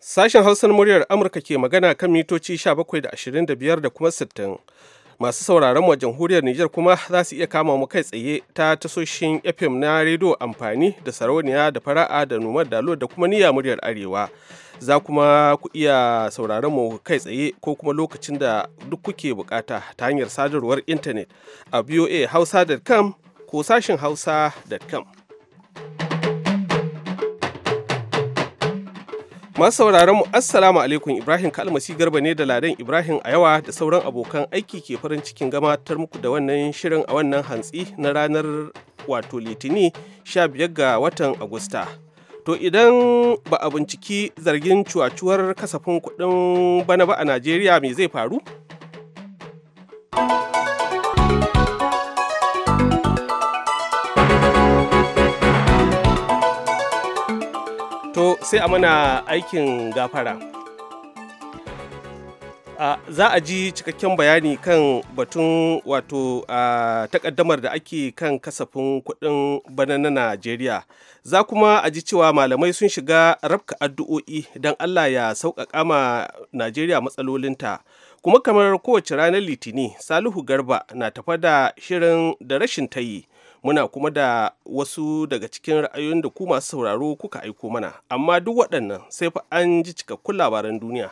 Sashen Hausar muryar Amurka ke magana kan mitoci 17 da 25 da kuma 60. Masu sauraron wa jamhuriyar Nijar kuma za su iya kama mu kai tsaye ta tasoshin FM na rediyo amfani da sarauniya da fara'a da numar dalo da kuma niyya muryar Arewa. za kuma ku iya sauraron mu kai tsaye ko kuma lokacin da duk kuke bukata ta hanyar sadarwar intanet a voahausa.com ko sashin hausa.com. Masu sauraron mu Assalamu alaikum Ibrahim Kalmasi Garba ne da Ladan Ibrahim a yawa da sauran abokan aiki ke farin cikin gabatar muku da wannan shirin a wannan hantsi na ranar wato Litini 15 ga watan Agusta. To idan ba a binciki zargin cuwacuwar kasafin kuɗin bana ba a Najeriya me zai faru? To sai a mana aikin gafara. za a ji cikakken bayani kan batun wato takaddamar da ake kan kasafin kuɗin bana na najeriya za kuma a ji cewa malamai sun shiga rabka addu'o'i don allah ya sauƙaƙa ma najeriya matsalolinta kuma kamar kowace ranar litini salihu garba na tafa da shirin da rashin tayi muna kuma da wasu daga cikin ra'ayoyin da ku masu sauraro kuka aiko mana amma duk waɗannan sai fa an ji cikakkun labaran duniya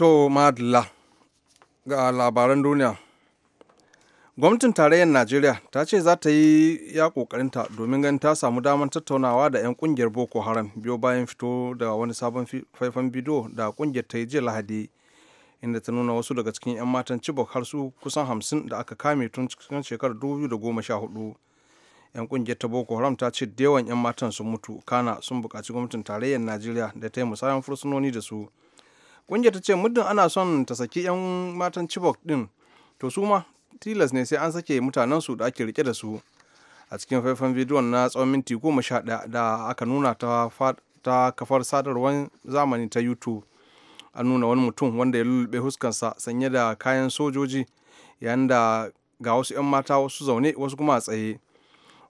To madla ga labaran duniya. Gwamnatin tarayyar Najeriya ta ce za ta yi ya kokarinta domin ganin ta samu damar tattaunawa da 'yan kungiyar Boko Haram biyo bayan fito da wani sabon faifan bidiyo da kungiyar ta yi jiya Lahadi inda ta nuna wasu daga cikin 'yan matan Chibok har su kusan hamsin da aka kame tun cikin shekarar hudu 'yan kungiyar ta boko haram ta ce da yawan 'yan matan sun mutu kana sun buƙaci gwamnatin tarayyar najeriya da ta yi musayan fursunoni da su Ƙungiyar ta ce muddin ana son ta saki 'yan matan Chibok din to su ma tilas ne sai an sake mutanensu da ake rike da su. A cikin faifan bidiyon na tsawon minti goma sha ɗaya da aka nuna ta kafar sadarwar zamani ta YouTube. An nuna wani mutum wanda ya lulluɓe huskansa sanye da kayan sojoji yayin da ga wasu 'yan mata wasu zaune wasu kuma a tsaye.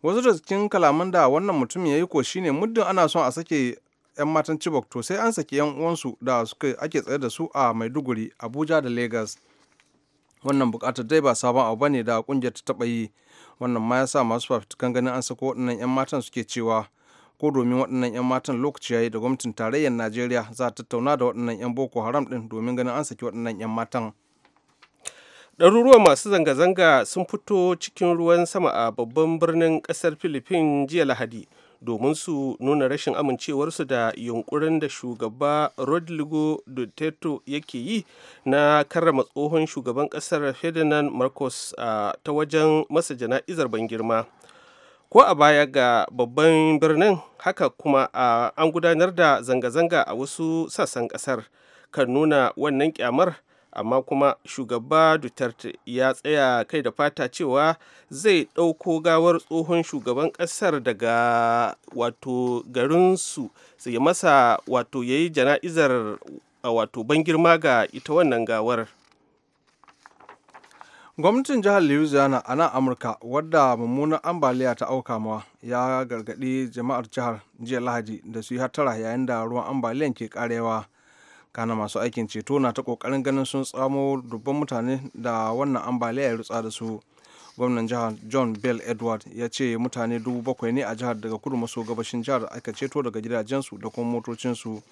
wasu da cikin kalaman da wannan mutum ya yi ko shine muddin ana son a sake 'yan matan Chibok to sai an saki 'yan uwansu da suka ake tsaye da su a Maiduguri, Abuja da Lagos. Wannan bukatar dai ba sabon abu bane da kungiyar ta taba yi. Wannan ma ya sa masu fafitikan ganin an sako waɗannan 'yan matan suke cewa ko domin waɗannan 'yan matan lokaci yayi da gwamnatin tarayyar Najeriya za ta tattauna da waɗannan 'yan Boko Haram ɗin domin ganin an saki waɗannan 'yan matan. ɗaruruwan masu zanga-zanga sun fito cikin ruwan sama a babban birnin ƙasar Filifin jiya Lahadi. domin su nuna rashin amincewarsu da yunkurin da shugaba rodrigo duterte yake yi na karrama tsohon shugaban kasar ferdinand marcos ta wajen masa jana'izar ban girma ko a baya ga babban birnin haka kuma an gudanar da zanga-zanga a wasu sassan kasar kan nuna wannan kyamar amma kuma shugaba duterte ya tsaya kai da fata cewa zai ɗauko gawar tsohon shugaban ƙasar daga wato garinsu sai masa wato ya yi jana'izar wato bangirma ga ita wannan gawar gwamnatin jihar louisiana a nan amurka wadda mummunan ambaliya ta auka mawa ya gargaɗi jama'ar jihar jiya lahadi da su yi hattara yayin da ruwan ambaliyan ke karewa kana masu aikin ceto na ta kokarin ganin sun tsamo dubban mutane da wannan ambaliya ya rutsa da su gwamnan jihar john bell edward ya ce mutane dubu bakwai ne a jihar daga kudu maso gabashin jihar aka ceto daga gidajensu da kuma motocinsu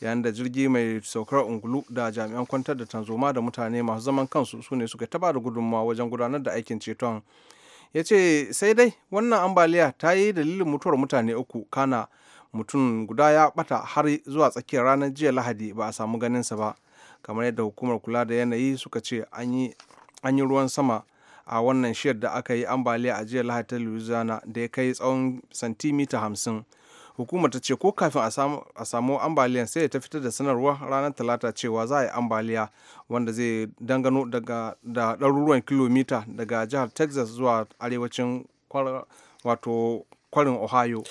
yayin da jirgi mai saukar ungulu da jami'an kwantar da tanzoma da mutane masu zaman kansu su ne suka taba da gudunmawa wajen gudanar da aikin ceton ya ce sai dai wannan ambaliya ta yi dalilin mutuwar mutane uku kana mutum guda ya bata har zuwa tsakiyar ranar jiya lahadi ba a samu ganin sa ba kamar yadda hukumar kula da yanayi suka ce an yi ruwan sama a wannan shiyar da aka yi ambaliya a jiya lahadi ta louisiana da ya kai tsawon santimita hamsin hukumar ta ce ko kafin a samu ambaliyan sai ta fitar da sanarwa ranar talata cewa za a yi ambaliya wanda zai dangano da ɗaruruwan kilomita daga jihar texas zuwa arewacin wato kwarin ohio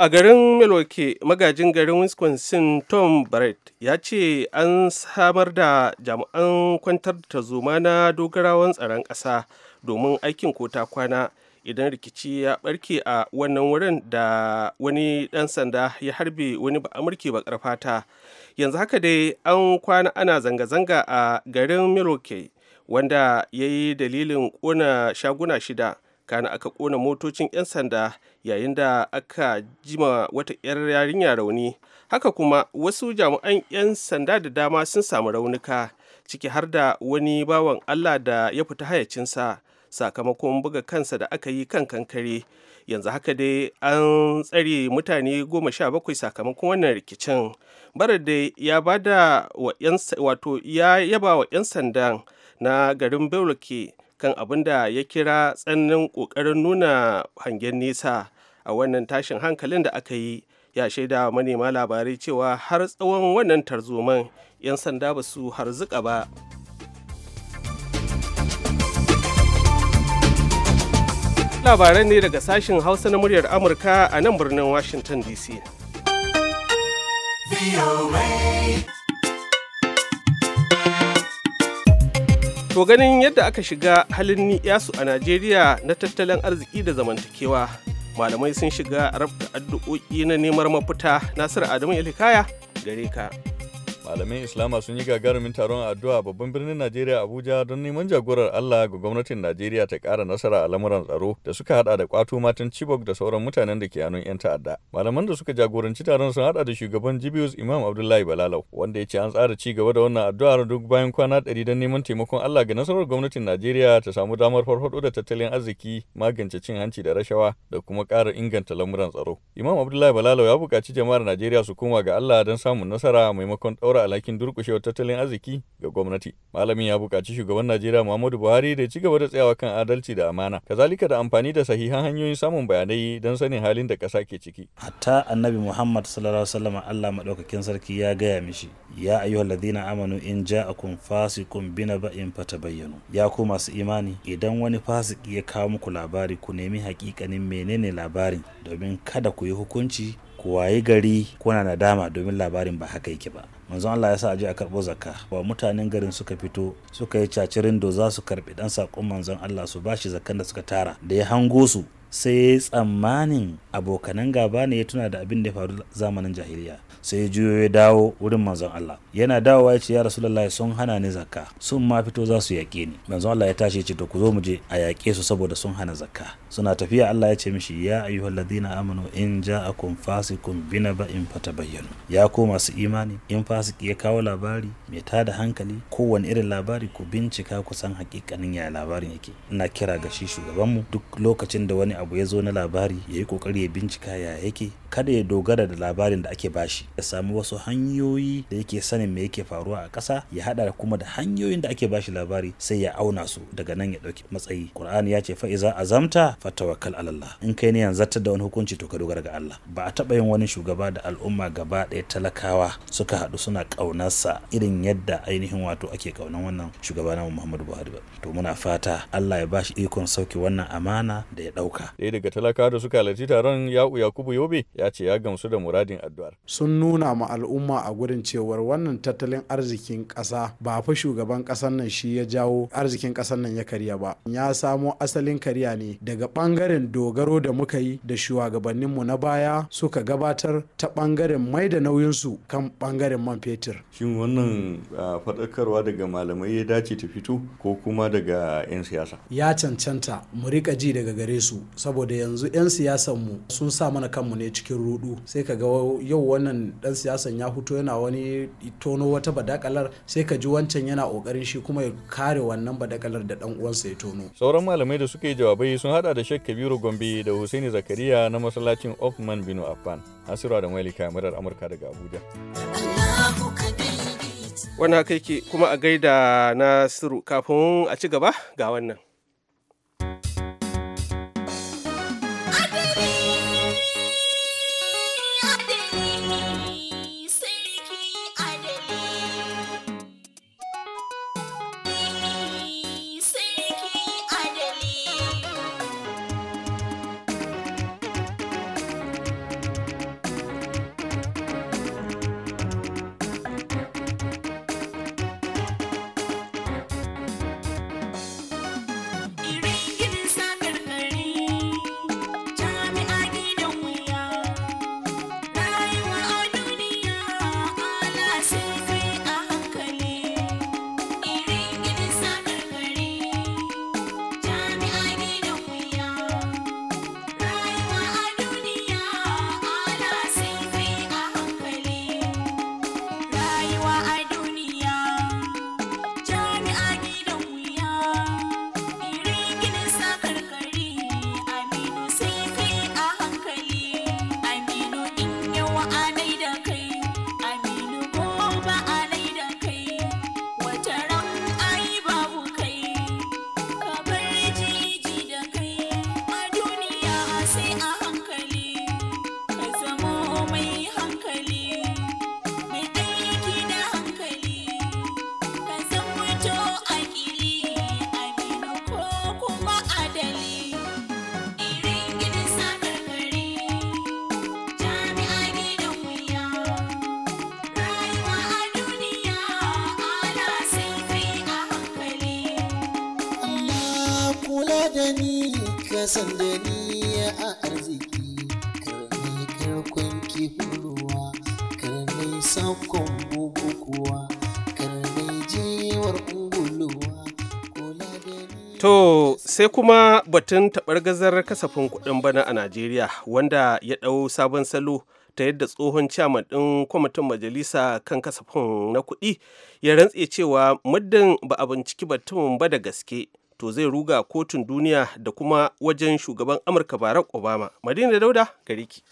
a garin milwaukee magajin garin wisconsin tom brett ya ce an samar da jami'an kwantar da zuma na dogarawan tsaron ƙasa domin aikin ko ta kwana idan rikici ya barke a wannan wurin da wani ɗan sanda ya harbe wani ba amurke ba fata yanzu haka dai an kwana ana zanga-zanga a garin milwaukee wanda ya yi dalilin ƙona shaguna shida kana aka kona motocin 'yan sanda yayin da aka jima wata 'yar yarinya rauni haka kuma wasu jami'an 'yan sanda da dama sun samu raunuka ciki har da wani bawan allah da ya fita hayacinsa sakamakon buga kansa da aka yi kan kankare yanzu haka dai an tsare mutane goma sha bakwai sakamakon wannan rikicin barade da bada ya yaba wa 'yan sandan na garin bello kan abin da ya kira tsannin ƙoƙarin nuna hangen nisa, a wannan tashin hankalin da aka yi ya shaida manema labarai cewa har tsawon wannan tarzoman 'yan sanda ba su harzuka ba labaran ne daga sashen hausa na muryar amurka a nan birnin washington dc To ganin yadda aka shiga halin ni'yasu a Najeriya na tattalin arziki da zamantakewa, malamai sun shiga rabta addu'o'i na neman mafita Nasiru Adamu Ilikaya gare ka. Malamin Islama sun yi gagarumin taron addu'a babban birnin Najeriya Abuja don neman jagorar Allah ga gwamnatin Najeriya ta kara nasara a lamuran tsaro da suka hada da kwato matan Chibok da sauran mutanen da ke hannun 'yan ta'adda. Malaman da suka jagoranci taron sun hada da shugaban Jibius Imam Abdullahi Balalau wanda ya ce an tsara ci gaba da wannan addu'ar duk bayan kwana ɗari don neman taimakon Allah ga nasarar gwamnatin Najeriya ta samu damar farfaɗo da tattalin arziki, magance cin hanci da rashawa da kuma ƙara inganta lamuran tsaro. Imam Abdullahi Balalau ya buƙaci jama'ar Najeriya su koma ga Allah don samun nasara maimakon ɗaura ɗora alhakin durƙushewar tattalin arziki ga gwamnati. Malamin ya buƙaci shugaban Najeriya Muhammadu Buhari da ci gaba da tsayawa kan adalci da amana, kazalika da amfani da sahihan hanyoyin samun bayanai don sanin halin da ƙasa ke ciki. Hatta Annabi Muhammad sallallahu alaihi wasallam Allah maɗaukakin sarki ya gaya mishi, ya ayyuhal ladina amanu in ja'akum fasiqun binaba'in fatabayyanu. Ya ku masu imani idan wani fasiki ya kawo muku labari ku nemi hakikanin menene labarin domin kada ku yi hukunci ku wayi gari kuna nadama domin labarin ba haka yake ba manzon Allah ya sa aje a karɓo zakka ba mutanen garin suka fito suka yi cacirin do za su karɓi dan sakon manzon Allah su bashi zakkan da suka tara da ya hango su sai tsammanin abokanan gaba ne ya tuna da abin da ya faru zamanin jahiliya sai juyo ya dawo wurin manzon Allah yana dawowa ya ce ya rasulullahi sun hana ni zakka sun ma fito za su yaƙe ni manzon Allah ya tashi ya ce to ku zo mu je a yaƙe su saboda sun hana zakka suna tafiya Allah ya ce mishi ya ladina amanu in ja'akum binaba in fatabayyanu ya ko masu imani in fasiki ya kawo labari mai tada hankali kowane irin labari ku bincika ku san hakikanin ya labarin yake ina kira ga shi shugabanmu duk lokacin da wani abu ya zo na labari ya yi kokari ya bincika ya yake kada ya dogara da labarin da ake bashi ya samu wasu hanyoyi da yake sanin me yake faruwa a ƙasa ya hada kuma da hanyoyin da ake bashi labari sai ya auna su daga nan ya ɗauki matsayi qur'ani ya ce fa fa'iza azamta fatawakkal ala Allah in kai ne yanzu da wani hukunci to ka dogara ga Allah ba a taba yin wani shugaba da al'umma gaba ɗaya talakawa suka haɗu suna ƙaunarsa irin yadda ainihin wato ake ƙaunan wannan shugaba na Muhammadu Buhari ba to muna fata Allah ya bashi ikon sauke wannan amana da ya ɗauka Daya ɗaya daga talakawa da suka halarci taron ya'u yakubu yobe ya ce ya gamsu da muradin addu'ar sun nuna ma al'umma a gurin cewar wannan tattalin arzikin ƙasa ba fa shugaban ƙasar nan shi ya jawo arzikin ƙasar nan ya karya ba ya samo asalin karya ne daga ɓangaren dogaro da muka yi da shugabanninmu na baya suka gabatar ta ɓangaren mai da nauyinsu kan ɓangaren man fetur shin wannan faɗakarwa daga malamai ya dace ta fito ko kuma daga 'yan siyasa ya cancanta mu riƙa ji daga gare su saboda yanzu 'yan siyasanmu sun sa mana kanmu ne cikin rudu sai ka ga yau wannan dan siyasan ya fito yana wani tono wata badakalar sai ka ji wancan yana kokarin shi kuma ya kare wannan badakalar da dan uwansa ya tono sauran malamai da suka yi jawabai sun hada da Sheikh Kabiru Gombe da Husaini Zakariya na masallacin Ofman Binu Affan Asira da Malika kamarar Amurka daga Abuja wannan haka yake kuma a gaida na siru kafin a ci gaba ga wannan da ni ka da ni a arziki karni karkon kifuruwa karni sakon bugu kuwa karni jiwar kula da ni To sai kuma batun gazar kasafin kuɗin bana a Najeriya wanda ya ɗau sabon salo ta yadda tsohon chairman ɗin kwamitin majalisa kan kasafin na kuɗi ya rantse cewa muddin ba a binciki batun ba da gaske to zai ruga kotun duniya da kuma wajen shugaban amurka barack obama madina dauda gare ki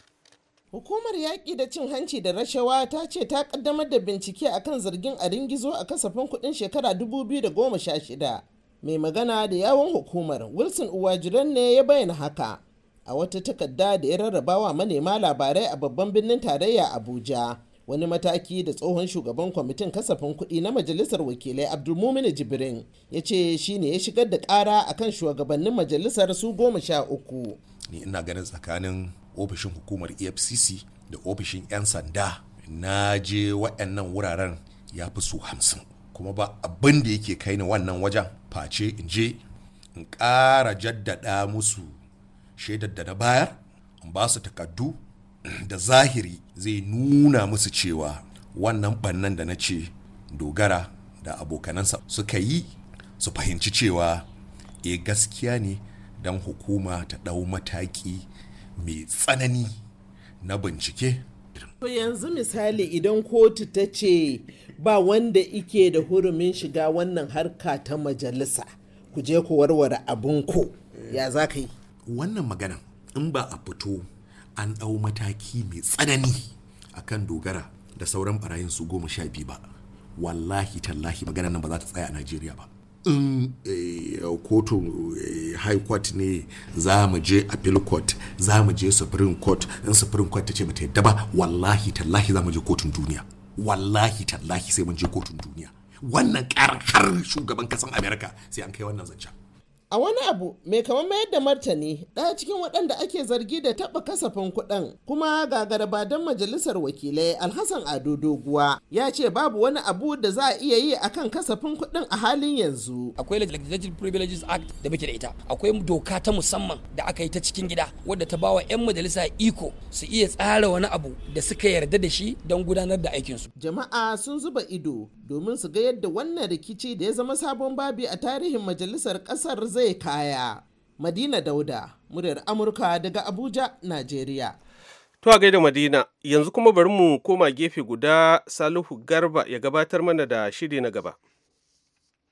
Hukumar yaƙi da cin hanci da rashawa ta ce ta ƙaddamar da bincike a kan zargin a ringizo a kasafin kuɗin shekara 2016. Mai magana da yawon hukumar Wilson Uwajiran ne ya bayyana haka a wata takarda da ya rarrabawa manema labarai a babban birnin tarayya Abuja. wani mataki da tsohon shugaban kwamitin kasafin kuɗi na majalisar wakilai abdulmumin jibrin ya ce shi ne ya shigar da ƙara kan shugabannin majalisar su goma sha uku ni ina ganin tsakanin ofishin hukumar efcc da ofishin 'yan sanda na je waɗannan wuraren ya fi su hamsin kuma ba abin da yake kai ni wannan wajen face in je in ƙara jaddada musu shaidar da na bayar in ba su takaddu da zahiri zai nuna musu cewa wannan bannan da na ce dogara da abokanansa suka yi su fahimci cewa e gaskiya ne don hukuma ta ɗau mataki mai tsanani na bincike To yanzu misali idan kotu ta ce ba wanda ike da hurumin shiga wannan harka ta majalisa ku je ku warware abin ko ya za ka yi. Wannan magana in ba a fito an ɗau mataki mai tsanani a kan dogara da sauran barayin su goma sha biyu ba wallahi tallahi magana nan ba za ta tsaya a najeriya ba in eh, kotun eh, high court ne za mu je appeal court za mu je supreme court in supreme court ta ce mata yadda ba wallahi tallahi za mu je kotun duniya wallahi tallahi sai mun je kotun duniya wannan karar har shugaban kasan america sai an kai wannan zancen A wani abu mai kamar mayar da martani ɗaya cikin waɗanda ake zargi da taɓa kasafin kuɗin kuma ga garabadan majalisar wakilai Alhassan Ado Doguwa ya ce babu wani abu da za a iya yi akan kasafin kuɗin a halin yanzu. Akwai Legislative Privileges Act da muke da ita. Akwai doka ta musamman da aka yi ta cikin gida wadda ta bawa 'yan majalisa iko su iya tsara wani abu da suka yarda da shi don gudanar da aikinsu. Jama'a sun zuba ido domin su ga yadda wannan rikici da ya zama sabon babi a tarihin majalisar ƙasar zai kaya. Madina Dauda, muryar Amurka daga Abuja, Najeriya. To gaida Madina, yanzu kuma bari mu koma gefe guda Salihu Garba ya gabatar mana da shiri na gaba.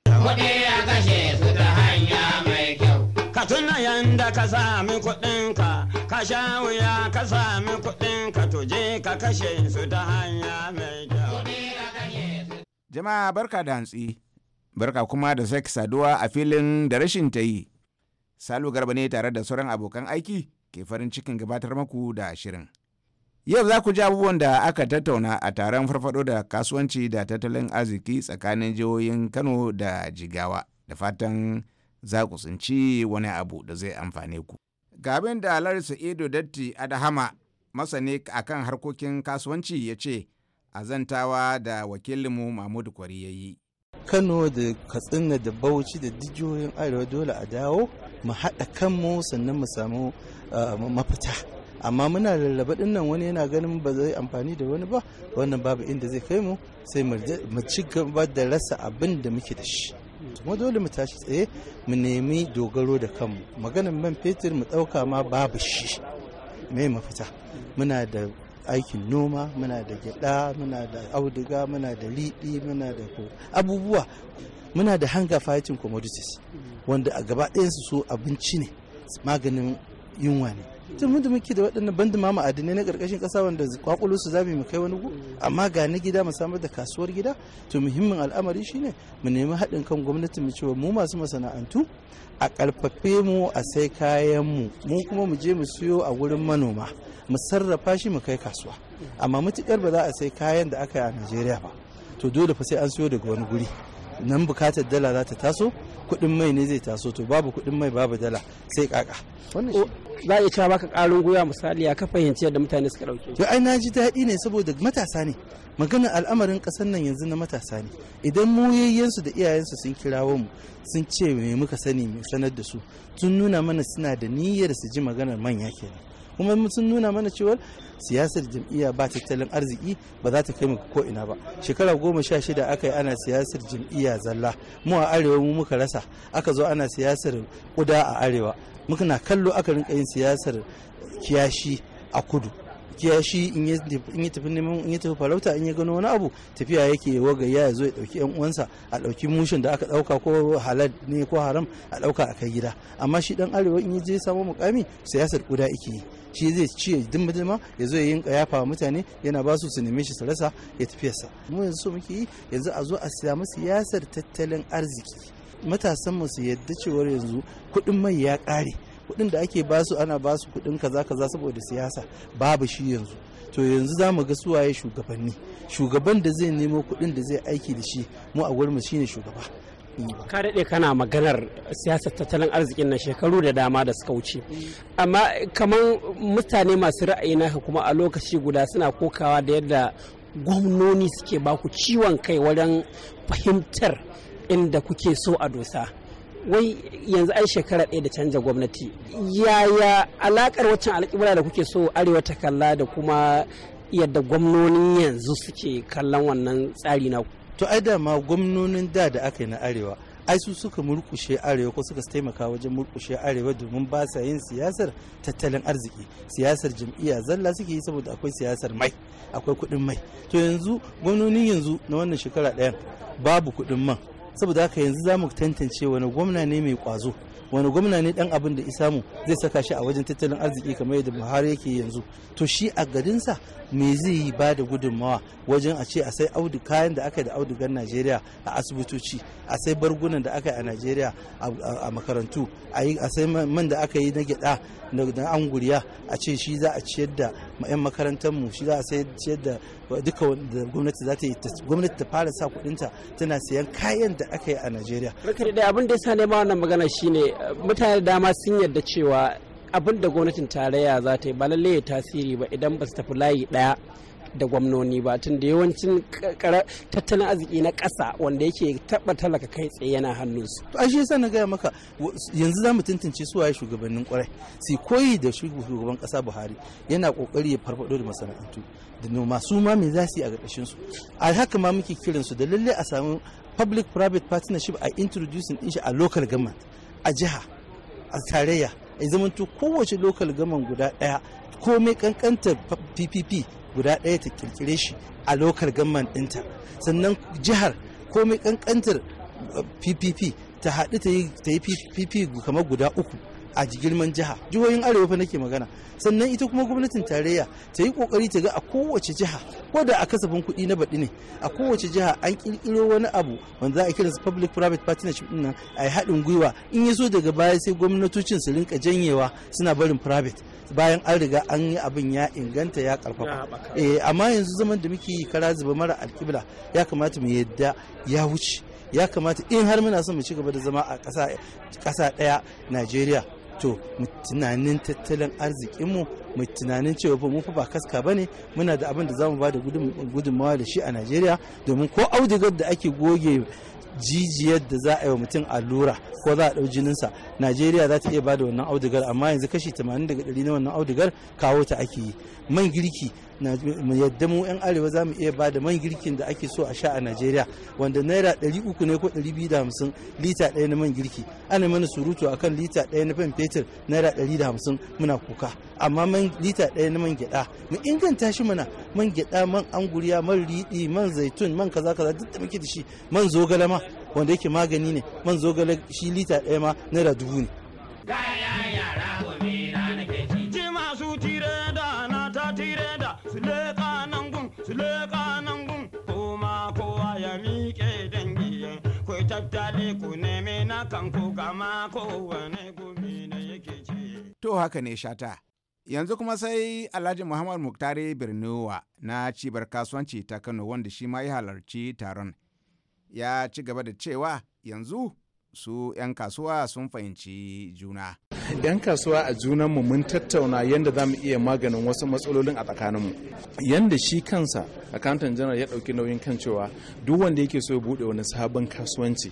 Kuɗi a kashe su ta hanya mai kyau. Ka tuna yanda ka sami kuɗinka, ka sha wuya ka sami kuɗinka, to je ka kashe su ta hanya mai kyau. Jama'a barka da hantsi. barka kuma da sake saduwa a filin da rashin ta yi salu garba ne tare da sauran abokan aiki ke farin cikin gabatar maku da shirin yau za ku ji abubuwan da aka tattauna a taron farfado da kasuwanci da tattalin arziki tsakanin jihohin kano da jigawa da fatan za ku tsinci wani abu da zai amfane ku ga da larisa ido datti adahama masani a kan harkokin kasuwanci ya ce azantawa da wakilinmu mahmud kwari ya yi kano da katsina da bauchi da dijiyoyin arewa dole a dawo mu haɗa kanmu sannan mu samu ah, mafita amma muna rarraba dinnan wani yana ganin ba zai amfani da wani ba wannan babu inda zai kai mu sai mu ci gaba da rasa abin da muke da shi kuma dole mu tashi tsaye mu nemi dogaro da kanmu maganin man fetur mu ɗauka ma babu shi me mafita muna da aikin noma muna da gyada muna da auduga muna da liɗi muna da abubuwa muna da hanga fighting commodities wanda a gaba ɗaya su so abinci ne maganin yunwa ne tun mun muke da waɗannan bandin ma ma'adinai na ƙarƙashin ƙasa wanda kwakwalo su zamu mu kai wani gu amma ga na gida mu samar da kasuwar gida to muhimmin al'amari shine mu nemi haɗin kan gwamnati mu cewa mu masu masana'antu a ƙarfafe mu a sai kayan mu mu kuma mu je mu siyo a wurin manoma mu sarrafa shi mu kai kasuwa amma matukar ba za a sai kayan da aka yi a nigeria ba to dole fa sai an siyo daga wani guri nan bukatar dala za ta taso kuɗin mai ne zai taso to babu kuɗin mai babu dala sai kaka za a iya cewa baka ƙarin gwiwa misali ya ka fahimci yadda mutane suka ɗauke to ai na ji daɗi ne saboda matasa ne maganar al'amarin ƙasar nan yanzu na matasa ne idan mu yayyansu da iyayensu sun kirawo mu sun ce me muka sani mu sanar da su tun nuna mana suna da niyyar su ji maganar manya kenan kuma sun nuna mana cewa siyasar jam'iyya ba tattalin arziki ba za ta kai mu ko ina ba shekara goma sha shida aka yi ana siyasar jam'iyya zalla mu a arewa mu muka rasa aka zo ana siyasar kuda a arewa muka na kallo aka rinka yin siyasar kiyashi a kudu kiyashi in yi tafi neman in yi tafi farauta in ya gano wani abu tafiya yake wagaya ya zo ya dauki yan uwansa a dauki mushin da aka dauka ko halal ne ko haram a dauka a kai gida amma shi dan arewa in ya je samo mukami siyasar kuda yake yi shi zai ci ya dimma dimma ya zo ya yin yafa mutane yana ba su su neme shi su rasa ya sa mu yanzu so muke yi yanzu a zo a samu siyasar tattalin arziki matasan mu su yadda cewar yanzu kuɗin mai ya ƙare kuɗin da ake basu ana su kuɗin kaza kaza saboda siyasa babu shi yanzu to yanzu za mu ga suwaye shugabanni shugaban da zai nemo kuɗin da zai aiki da shi mu a gurin mu shine shugaba ka daɗe kana maganar siyasar tattalin arzikin na shekaru da dama da suka wuce amma kamar mutane masu ra'ayi naka kuma a lokaci guda suna kokawa da yadda gwamnoni suke baku ciwon kai wajen fahimtar inda kuke so a dosa wai yanzu ai shekara ɗaya da canja gwamnati yaya alakar waccan alƙibla da kuke so arewa ta kalla da kuma yadda gwamnoni yanzu suke kallon wannan tsari na to ai da ma gwamnonin da da aka yi na arewa ai su suka murkushe arewa ko suka taimaka wajen murkushe arewa domin ba sa yin siyasar tattalin arziki siyasar jam'iyya zalla suke yi saboda akwai siyasar mai akwai kuɗin mai to yanzu gwamnonin yanzu na wannan shekara ɗayan babu kuɗin man saboda haka yanzu za mu tantance wani gwamna ne mai kwazo wani gwamna ne dan abin da isamu zai saka shi a wajen tattalin arziki kamar yadda buhari yake yanzu to shi a garinsa me zai yi ba da gudunmawa wajen a ce a sai audu kayan da aka yi da audugar najeriya a asibitoci a sai bargunan da aka yi a najeriya a makarantu a sai man da aka yi na gyada na anguriya a ce shi za a ciyar da 'yan makarantar mu shi za a ciyar da duka wanda gwamnati za ta yi gwamnati ta fara sa kudinta tana sayan kayan da aka yi a Najeriya. Rikari da abin da ya sa nema wannan magana shi ne mutane dama sun yarda cewa abin da gwamnatin tarayya za ta yi ba lallai ya tasiri ba idan ba su tafi layi ɗaya. da gwamnoni ba tun da yawancin tattalin arziki na kasa wanda yake taɓa talaka kai tsaye yana hannunsu. To ashe yasa na gaya maka yanzu za mu tantance su waye shugabannin kwarai sai koyi da shugaban kasa Buhari yana kokari ya farfaɗo da masana'antu da noma su ma me za su yi a ƙarƙashin su. A haka ma muke kiran su da lalle a samu public private partnership a introducing din shi a local government a jiha a tarayya a zamanto kowace local government guda ɗaya komai kankantar ppp guda ɗaya ta kirkire shi a lokal gamman ɗinta sannan jihar komai kankantar ppp uh, ta haɗu ta yi ppp kamar guda uku a girman jiha jihohin arewa fa nake magana sannan ita kuma gwamnatin tarayya ta yi kokari ta ga a kowace jiha ko da a kasafin kuɗi na baɗi ne a kowace jiha an kirkiro wani abu wanda za a kira su public private partnership ɗin nan a yi haɗin gwiwa in ya so daga baya sai gwamnatocin su rinka janyewa suna barin private bayan an riga an yi abin ya inganta ya karfafa eh amma yanzu zaman da muke kara zuba mara alkibla ya kamata mu yadda ya wuce ya kamata in har muna son mu ci gaba da zama a ƙasa ɗaya najeriya to tunanin tattalin arzikinmu mu tunanin cewa mu fa ba kaska bane muna da abin da zamu ba da gudunmawa da shi a najeriya domin ko audigar da ake goge jijiyar da za a yi wa mutum allura ko za a ɗau jininsa najeriya za ta iya ba da wannan audigar amma yanzu kashi 80 daga 100 na wannan audigar kawo ta ake yi man girki yadda mu 'yan arewa za mu iya ba da man girkin da ake so a sha a najeriya wanda naira 300 ne ko 250 lita ɗaya na man girki ana mana surutu akan lita ɗaya na fan fetur naira 150 muna kuka amma man lita ɗaya na man gyaɗa mu inganta shi mana man gyaɗa man anguriya man riɗi man zaitun man kaza kaza duk da muke da shi man zogale ma wanda yake magani ne man zogale shi lita ɗaya ma naira dubu ne. su nan gun kuma kowa ya miƙe dangi kai tattale ku neme na kanku gama kowane gumi na yake ce. To haka ne shata. Yanzu kuma sai Alhaji Muhammad Muktare Birniwa na cibar kasuwanci ta Kano wanda shi ma ya halarci taron. Ya ci gaba da cewa yanzu su 'yan kasuwa sun fahimci juna. 'yan kasuwa a junan mu mun tattauna yadda za mu iya maganin wasu matsalolin a tsakanin mu yadda shi kansa akantan janar ya ɗauki nauyin kan cewa duk wanda yake so ya buɗe wani sabon kasuwanci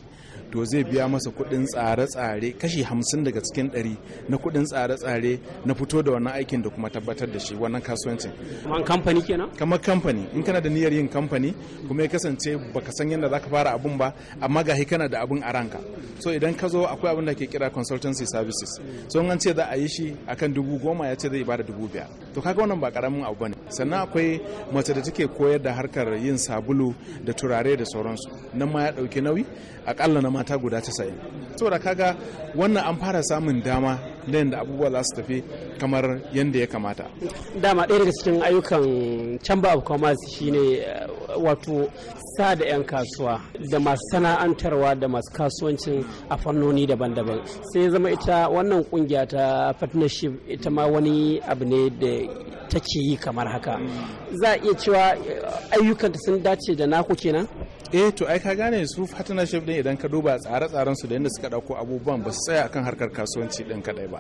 to zai biya masa kuɗin tsare-tsare kashi hamsin daga cikin ɗari na kuɗin tsare-tsare na fito da wannan aikin da kuma tabbatar da shi wannan kasuwancin. Kamar kamfani kenan? Kamar kamfani in kana da niyyar yin kamfani kuma ya kasance baka san yadda zaka fara abun ba amma gahi kana da abun a ranka. So idan ka zo akwai abin da ke kira consultancy services. So in an ce za a yi shi akan dubu goma ya ce zai bada dubu biyar. To kaga wannan ba karamin abu ne. Sannan akwai mace da take koyar da harkar yin sabulu da turare da sauransu. Nan ma ya ɗauki nauyi akalla na mata guda 90 da kaga wannan an fara samun dama da yadda abubuwa za su tafi kamar yadda ya kamata dama ɗaya daga cikin ayyukan chamber masu shi shine eh, wato sa da 'yan kasuwa da masu sana'antarwa da masu kasuwancin a fannoni daban-daban sai ya zama ita wannan kungiya ta partnership ita ma wani abu ne da take yi kamar haka za a iya cewa eh, ayyukanta sun dace da naku kenan eh to ai ka gane su partnership din idan ka duba tsare-tsaren su da yadda suka dauko abubuwan ba su tsaya akan harkar kasuwanci din kadai ba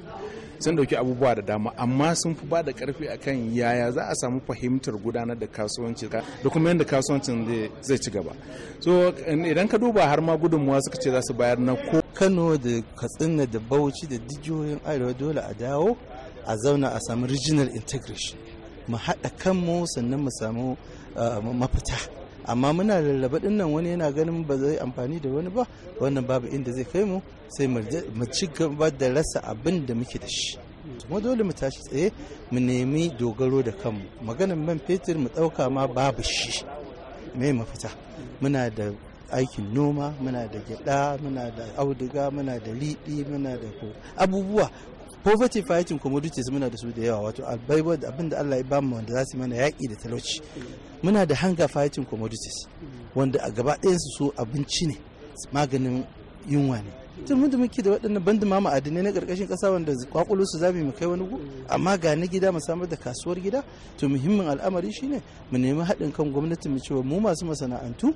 sun dauki abubuwa da dama amma sun fi ba da karfi akan yaya za a samu fahimtar gudanar da kasuwanci da kuma yadda kasuwancin zai ci gaba so idan ka duba har ma gudunmuwa suka ce za su bayar na ko kano da katsina da bauchi da dijiyoyin arewa dole a dawo a zauna a samu regional integration mu haɗa kanmu sannan mu samu ah, mafita amma muna rarraba din nan wani yana ganin ba zai amfani da wani ba wannan babu inda zai kai mu sai mu ci gaba da rasa abin da muke da shi kuma dole mu tashi tsaye mu nemi dogaro da kanmu maganin man fetur mu ɗauka ma babu shi mai mafita muna da aikin noma muna da gyada muna da auduga muna da liɗi muna da abubuwa poverty fighting commodities muna da su da yawa wato albaibod da Allah ya bamu wanda za mana yaƙi da talauci muna da hunger fighting commodities wanda a gaba ɗayan su so abinci ne maganin yunwa ne tun mun da muke da waɗannan bandu ma ma'adinai na ƙarƙashin ƙasa wanda kwakwalo su zamu mu kai wani gu amma ga na gida mu samar da kasuwar gida to muhimmin al'amari shine mu nemi haɗin kan gwamnati mu cewa mu masu masana'antu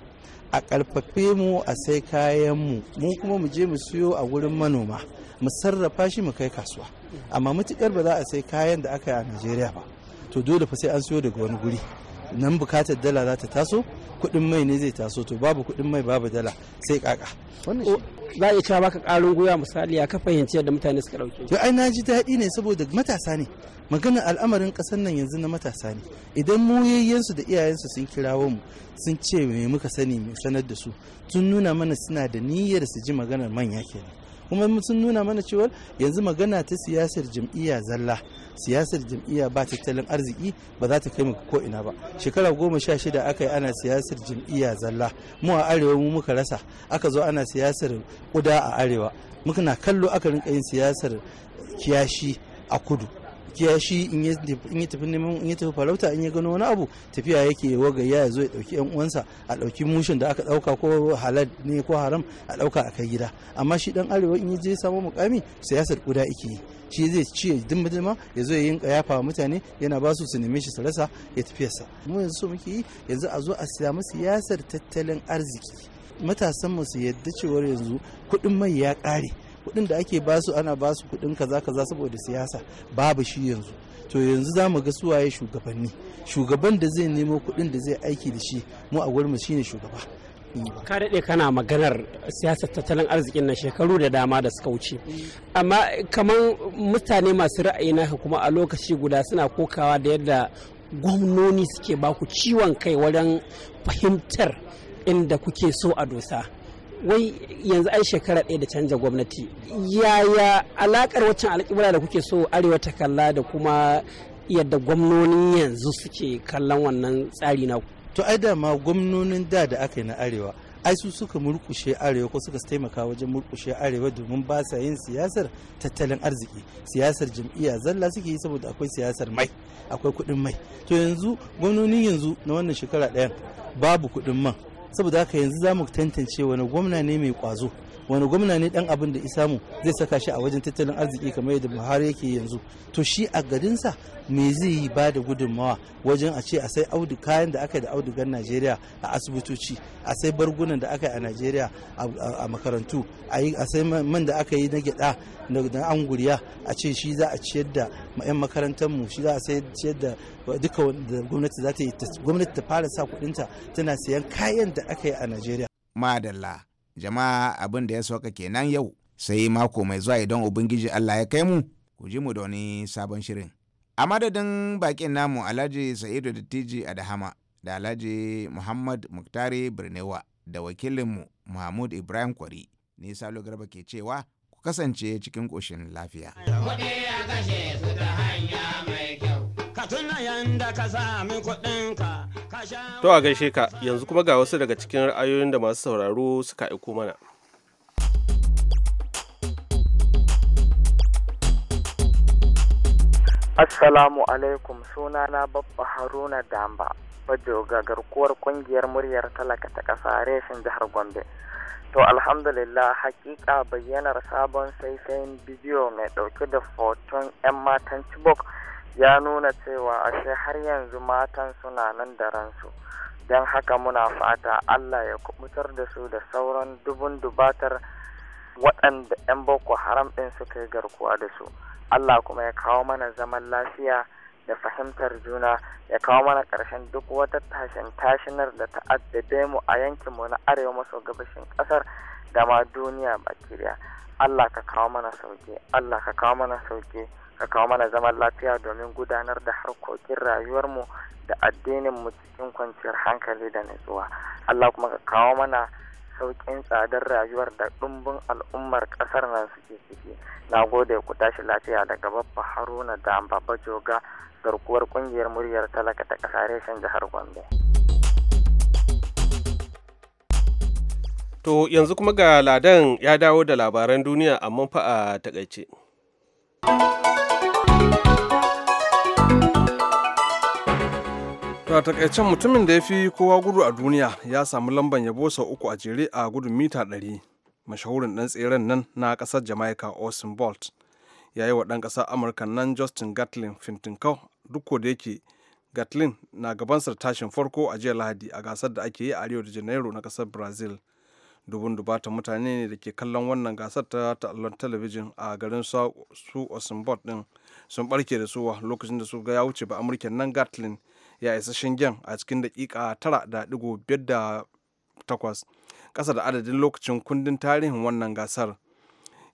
a ƙarfafe mu a sai kayan mu mu kuma mu je mu siyo a wurin manoma mu sarrafa shi mu kai kasuwa amma matukar ba za a sai kayan da aka yi a nigeria ba to dole fa sai an siyo daga wani guri nan bukatar dala za ta taso kuɗin mai ne zai taso to babu kuɗin mai babu dala sai kaka za a iya cewa baka ƙarin gwiwa misali ya ka fahimci yadda mutane suka ɗauke to ai na ji daɗi ne saboda matasa ne maganar al'amarin ƙasar nan yanzu na matasa ne idan mu yayyansu da iyayensu sun kirawo mu sun ce me muka sani mu sanar da su tun nuna mana suna da niyyar su ji maganar manya kenan kuma sun nuna mana cewa yanzu magana ta siyasar jam'iyya zalla siyasar jam'iyya ba tattalin arziki ba za ta kai mu ko ina ba shekara goma sha shida aka yi ana siyasar jam'iyya zalla mu a arewa mu muka rasa aka zo ana siyasar kuda a arewa muka na kallo aka rinka yin siyasar kiyashi a kudu shi in ya tafi neman in ya tafi farauta in ya gano wani abu tafiya yake waga ya zo ya dauki yan uwansa a dauki mushin da aka dauka ko halal ne ko haram a dauka a kai gida amma shi dan arewa in ya je samu mukami siyasar kuda yake yi shi zai ci ya dimma ya zo ya yinka yafa mutane yana ba su su neme shi su rasa ya tafiyarsa mu yanzu so muke yi yanzu a zo a samu siyasar tattalin arziki matasan mu su yadda cewar yanzu kuɗin mai ya kare. kuɗin da ake basu ana basu kuɗin kaza kaza saboda siyasa babu shi yanzu to yanzu za mu ga suwaye shugabanni shugaban da zai nemo kuɗin da zai aiki da shi mu a gurmu shine shugaba mm. ka daɗe kana maganar siyasar tattalin arzikin na shekaru da dama da suka wuce mm. amma kamar mutane masu ra'ayi naka kuma a lokaci guda suna kokawa da yadda gwamnoni suke baku ciwon kai wajen fahimtar inda kuke so a dosa wai yanzu ai shekara ɗaya da canja gwamnati yaya alakar waccan alƙibla da kuke so arewa ta kalla da kuma yadda gwamnonin yanzu suke kallon wannan tsari na to ai da ma gwamnonin da da aka yi na arewa ai su suka murkushe arewa ko suka taimaka wajen murkushe arewa domin ba sa yin siyasar tattalin arziki siyasar jam'iyya zalla suke yi saboda akwai siyasar mai akwai kuɗin mai to yanzu gwamnonin yanzu na wannan shekara ɗayan babu kuɗin man saboda haka yanzu za mu tantance wani gwamna ne mai kwazo wani gwamna ne dan abin da isamu zai saka shi a wajen tattalin arziki kamar yadda buhari yake yanzu to shi a garinsa me zai yi ba da gudunmawa wajen a ce a sai audu kayan da aka yi da audugar najeriya a asibitoci a sai bargunan da aka yi a najeriya a makarantu a sai man da aka yi na gyada da an guriya a ce shi za a ciyar da 'yan mu shi za a ciyar da duka gwamnati za ta yi gwamnati ta fara sa kudinta tana sayan kayan da aka yi a najeriya madalla jama'a abin da ya sauka kenan yau sai mako mai zuwa idan ubangiji allah ya kai mu ku ji mu da wani sabon shirin a madadin bakin namu alhaji sa'idu dattiji adahama da alhaji muhammad muktari birnewa da wakilinmu mahmud ibrahim kwari ne salo garba ke cewa ku kasance cikin ƙoshin lafiya ka tuna yanda ka sami kuɗinka To a gaishe ka yanzu kuma ga wasu daga cikin ra'ayoyin da masu sauraro suka aiko mana. Assalamu alaikum na babba Haruna Damba ga garkuwar kungiyar muryar talaka ta ƙasa reshen jihar Gombe. To alhamdulillah hakika bayyanar sabon saisayin bidiyo mai ɗauke da foton 'yan matan Chibok ya nuna cewa ashe har yanzu matan suna nan da ransu don haka muna fata allah ya kubutar da su da sauran dubun dubatar waɗanda 'yan boko haram ɗin suka yi garkuwa da su allah kuma ya kawo mana zaman lafiya da fahimtar juna ya kawo mana ƙarshen duk wata tashin tashinar da ta'addade mu a yankinmu na arewa maso gabashin ƙasar da ma duniya baki daya allah ka kawo mana sauke allah ka kawo mana sauke ka kawo mana zaman lafiya domin gudanar da harkokin rayuwarmu da addinin mu cikin kwanciyar hankali da nutsuwa allah kuma ka kawo mana sauƙin tsadar rayuwar da ɗumbin al'ummar ƙasar nan suke ciki na gode ku tashi lafiya daga babba haruna da babba joga garkuwar ƙungiyar muryar talaka ta ƙasa reshen jihar gombe to yanzu kuma ga ladan ya dawo da labaran duniya amma fa a takaice To a takaicen mutumin da ya fi kowa gudu a duniya ya samu lambar yabo sau uku a jere a gudun mita ɗari Mashahurin ɗan tseren nan na ƙasar Jamaica Austin Bolt ya yi wa ɗan ƙasar Amurka nan Justin Gatlin fintinkau duk da yake Gatlin na gabansar tashin farko a jiya Lahadi a gasar da ake yi a Rio de Janeiro na ƙasar Brazil. Dubun dubatan mutane ne da ke kallon wannan gasar ta ta'allon talabijin a garin su Austin Bolt ɗin sun barke da suwa lokacin da su ga ya wuce ba Amurken nan Gatlin ya isa shingen a cikin dakika takwas ƙasa da adadin lokacin kundin tarihin wannan gasar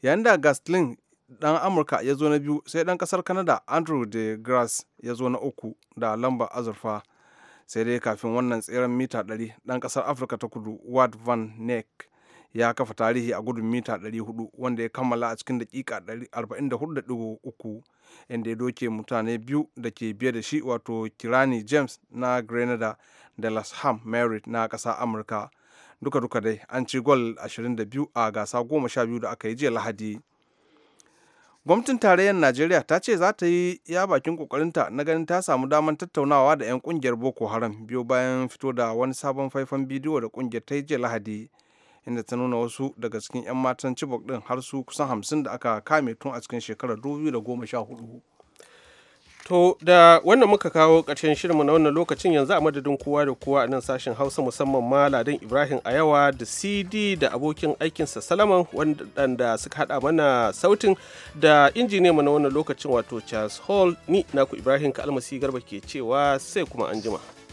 yayin da gaslin dan amurka ya zo na biyu sai dan kasar canada andrew de grass ya zo na uku da lamba azurfa sai dai kafin wannan tseren mita 100 dan kasar afirka ta kudu ward van neck ya kafa tarihi a gudun mita 400 wanda ya kammala a cikin dakika 44.3 inda ya doke mutane biyu da ke biye da shi wato kirani james na grenada da las ham merit na ƙasa amurka duka-duka dai an ci gol 22 a gasa 12 da aka yi jiya lahadi gwamnatin tarayyar najeriya ta ce za ta yi ya bakin kokarinta na ganin ta samu damar tattaunawa da 'yan kungiyar boko haram biyo bayan fito da wani sabon faifan bidiyo da kungiyar ta yi jiya lahadi inda ta nuna wasu daga cikin 'yan matan Chibok din har su kusan hamsin da aka kame tun a cikin shekarar 2014. To da wannan muka kawo karshen shirinmu na wannan lokacin yanzu a madadin kowa da kowa a nan sashen Hausa musamman ma Ladan Ibrahim Ayawa da CD da abokin aikinsa Salaman waɗanda suka haɗa mana sautin da injiniya na wannan lokacin wato Charles Hall ni naku Ibrahim Kalmasi Garba ke cewa sai kuma an jima.